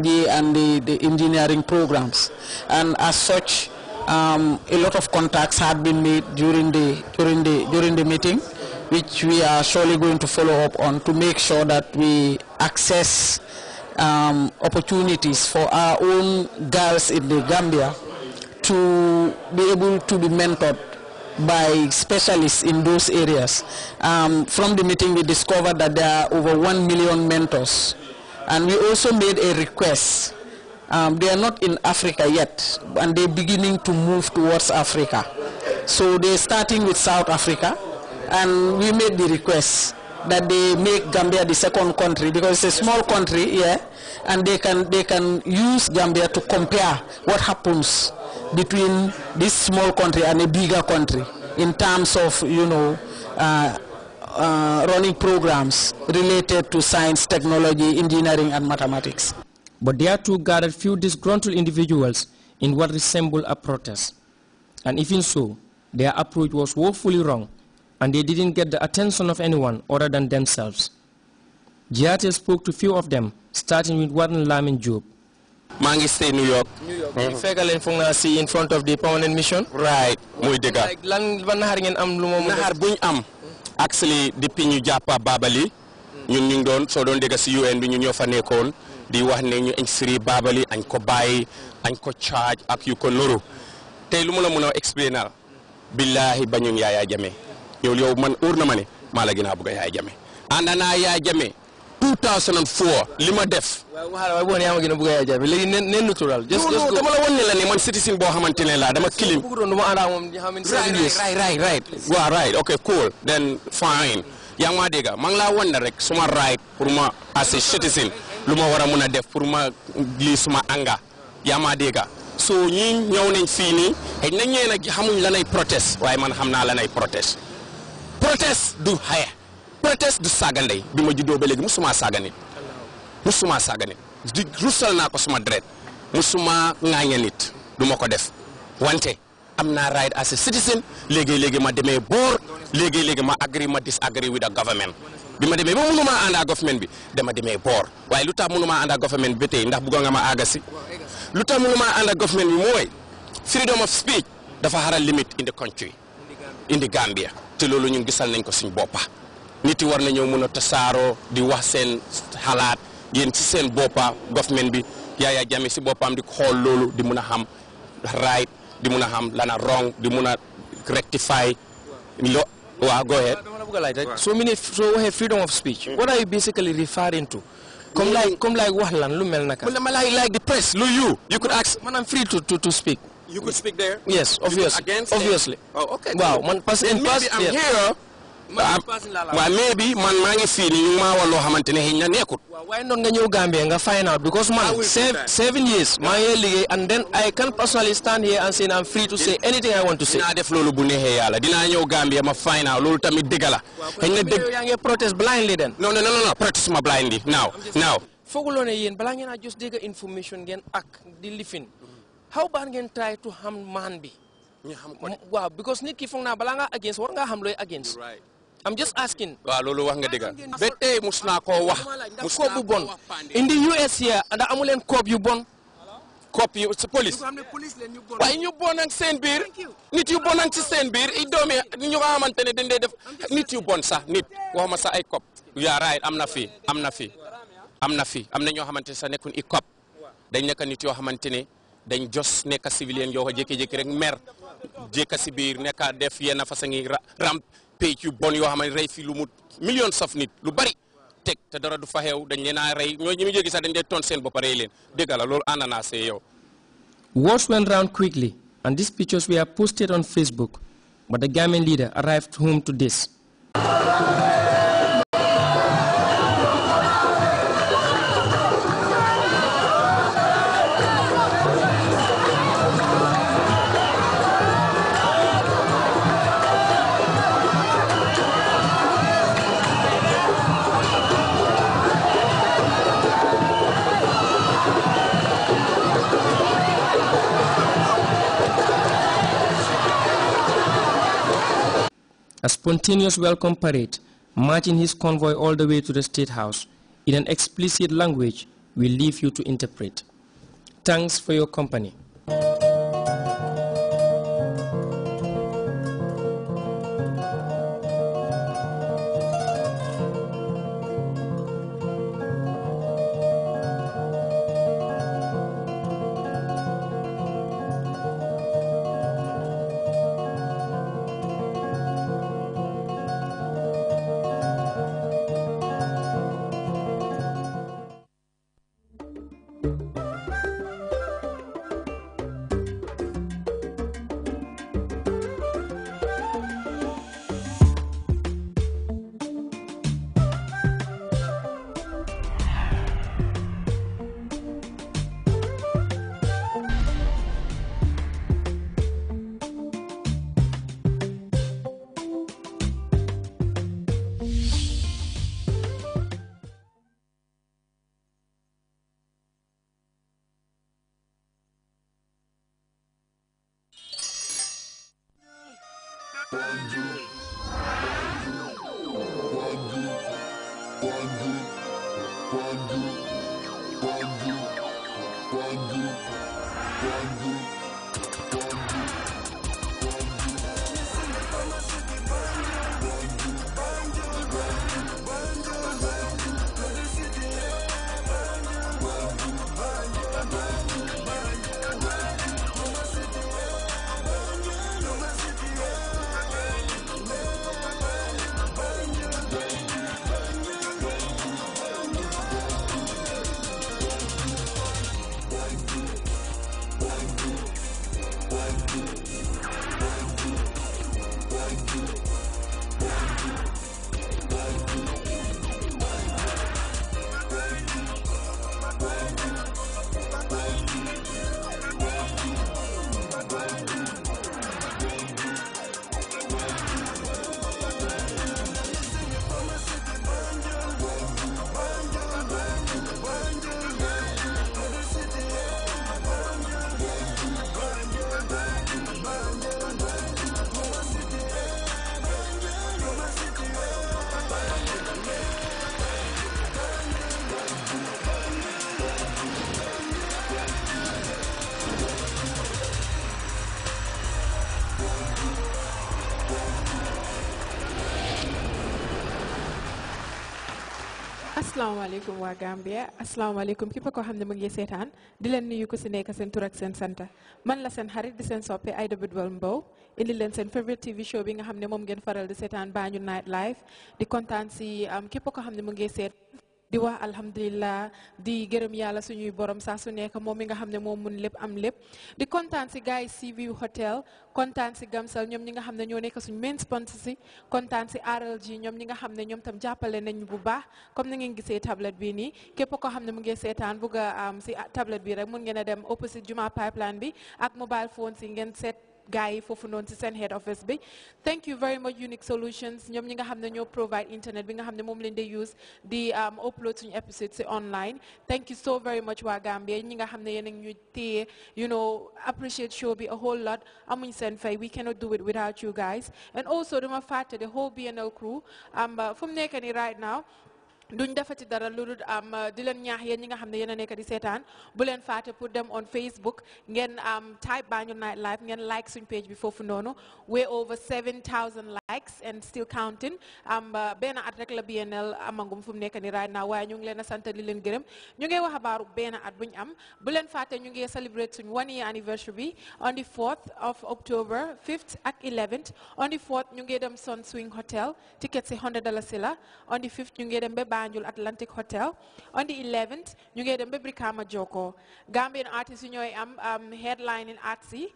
technology and the, the engineering programs. And as such, um, a lot of contacts had been made during the, during, the, during the meeting, which we are surely going to follow up on to make sure that we access um, opportunities for our own girls in the Gambia to be able to be mentored by specialists in those areas. Um, from the meeting, we discovered that there are over 1 million mentors and we also made a request. Um, they are not in Africa yet, and they're beginning to move towards Africa. So they're starting with South Africa, and we made the request that they make Gambia the second country because it's a small country yeah, and they can they can use Gambia to compare what happens between this small country and a bigger country in terms of you know uh, uh, running programs related to science, technology, engineering, and mathematics. But there too gathered few disgruntled individuals in what resembled a protest. And even so, their approach was woefully wrong, and they didn't get the attention of anyone other than themselves. Giate spoke to few of them, starting with Warren Lamin Job. Mangi stay New York. New York. Mm in front of the permanent mission. right muy dëgg. lan ban ngeen am buñ am. actually depuis ñu jàppa Babali ñun ñu ngi doon soo doon dégg si UN bi ñu ñoo fa nekkoon di wax ne ñu inscrit Babali añ ko bàyyi añ ko charge ak yu ko nuru tey lu ma la mën a expliqué naa billaahi bañun Yaya Jammeh yow yow man óor na ma ne maa la gën a bëgg Yaya Jammeh ànd naa 2004 li ma def. waaw waaw boo nee yaa dama la wan ne la ne man citizen boo xamante ne laa dama kilim. bu ko doon right ok cool then fine. yaa ngi maa dégg maa ngi laa wan ne rek suma right pour ma as citizen lu ma war a mun a def pour ma lii suma anga yaa maa dégg so ñii ñëw nañ fii nii xëy na ñee nag xamuñ lanay protest waaye man xam naa la protest protest du xaya proteste du saaga ndey bi ma juddoo ba léegi musuma saaga nit musuma saaga nit di rusal naa ko suma deret musuma ŋaaña nit du ma ko def wante am naa right as a citizen léegi léegi ma demee boor léegi léegi ma agree ma disagree with a government bi ma demee ba mënuma ànd ak government bi dama demee boor waaye lu tax mënuma ànd ak government bi ba tey ndax bëggoon nga ma àgga si lu tax mënuma ànd ak government bi mooy freedom of speech dafa xaral limit in the country in the Gambia te loolu ñun gisal nañ ko suñ boppa nit yi war nañoo mën a tasaaroo di wax seen xalaat yéen ci seen boppa government bi Yaya Jammeh si boppam di xool loolu di mun a xam right di mun a xam lana wrong di mun a rectify lo waaw go ahead so mu ne soo waxee freedom of speech mm. what are you mm. wax lan lu mel naka ma like like the press lu you you could ask man I'm free to to yes obviously obviously oh, waaw man in past yes waaw mais bi man maa ngi fii nii ñu maa woon loo xamante ne xëy na nekkut. waaw waaye noonu nga ñëw Gambia nga find because man seven years maa ngi liggéey and then I can personally stand here and say I'm free to say anything I want to say. dinaa def loolu bu neexee yàlla dinaa ñëw Gambia ma find out loolu tamit dëgg la. xëy na dëgg yaa ngi protest blindly then. non non non non protest ma blindly now now. fooguloo ne yéen balaa ngeen a just dégg information ngeen ak di lifin how bad ngeen try to harm man bi. ñu xam ko waaw because nit ki foog naa balaa ngaa against war ngaa xam looy against. am just asking. waaw loolu wax nga dëgg ba tey mus naa koo wax mus koob bu bon indi US ya ndax koob yu bon koob yu police waaye ñu bon ak seen biir nit yu bon ak ci seen biir i doomi ñu nga xamante ne dañ dee def nit yu bon sax nit waxuma sax ay koob yaa raay am na fii am na fii am na fii am na ñoo xamante ne sax nekkun i koob dañ nekk nit yoo xamante ne dañ jos nekk civilien yoo ko jékki-jékki rek mer jékka si biir nekk def yenn façon yi ram bon fi lu mu nit lu bari te dara du fa xew dañ ñoo ñi mu dañ ton seen leen yow. Words went round quickly and these pictures were posted on Facebook but the Gambian leader arrived home to this. a spontaneous welcome parade marching his convoy all the way to the State House in an explicit language we leave you to interpret. Thanks for your company. One, two, one, two. asalaamaaleykum waa Gambia asalaamaaleykum képp koo xam ne mu ngi seetaan di leen nuyu ku si nekk seen tur ak seen santa man la seen xarit di seen soppe Aida Bidwell Mbow indi leen seen favorite TV show bi nga xam ne moom ngeen faral di seetaan Banjul Night Live di kontaan si am képp koo xam ne mu ngi seet di wax alhamdulilah di gërëm yàlla suñuy borom saa su nekk moom mi nga xam ne moom mun lépp am lépp di kontaan si gars yi si view hotel kontaan si Gamsal ñoom ñi nga xam ne ñoo nekk suñu main sponsor si si RLG ñoom ñi nga xam ne ñoom tam jàppale nañu bu baax comme ni ngeen gisee tablette bi nii képp koo xam ne mu ngi seetaan bugg a si ah, tablette bi rek mun ngeen a dem opposite Juma pipeline bi ak mobile phone si ngeen seet gars yi foofu noonu ci seen head office bi thank you very much Unique Solutions ñoom ñi nga xam ne ñoo provide internet bi nga xam ne moom leen di use di um, upload suñu episode si online thank you so very much waa Gambia ñi nga xam yéen ñu téye you know appreciate show bi a whole lot amuñ seen fay we cannot do it without you guys and also dama fàtte the whole BNL crew uh, fu mu nekk nii right now duñ defati dara lu dul am euh, di leen ñaax yéen ñi nga xam ne yéen a nekk di seetaan bu leen faate pour dem on Facebook ngeen am type night Nightlife ngeen like suñ page bi foofu noonu way over 7000 likes and still counting am euh, benn at rek la BNL amangum fu mu nekk ni right now waaye ñu ngi leen a sant di leen gërëm ñu ngi wax abaaru benn at buñ am bu leen faate ñu ngi celebrate suñ one year anniversary on the 4th of October 5th ak 11th on the 4th ñu ngi dem Sun Swing Hotel Tickets si 100 dollars sila. on the 5th ñu ngi dem ba Banjul Atlantic Hotel on the 11th You get a ba Brikama Joko Gambian artistes yu am headline in arts yi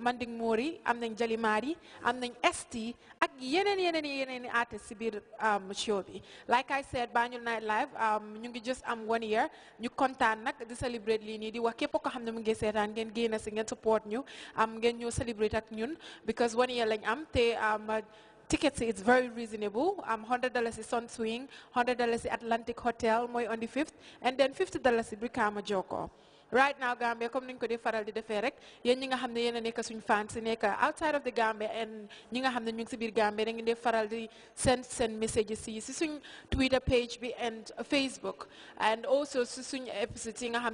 Manding Mori am nañ Jalimari am nañ ST ak yeneen yeneen yeneen i um, show bi like I said Banjul Night Live um, ñu ngi just am one year ñu kontaan nag di celebrate li nii di wax képp ko xam ne mu ngi seetaan ngeen support si ngeen support ñu am ngeen to celebrate ak ñun because one year lañ am te um, tickets it's very reasonable um, $100 is Sun Swing $100 is Atlantic Hotel Moy on the 5th and then $50 si Brikama Joko right now Gambia come niñ ko di faral di defee rek yéen ñi nga xam ne yéen a nekk suñu fans si outside of the Gambia and ñi nga xam ne ñu ngi si biir Gambia da ngeen di faral di send send messages si si suñ Twitter page bi and Facebook and also si suñ episodes yi nga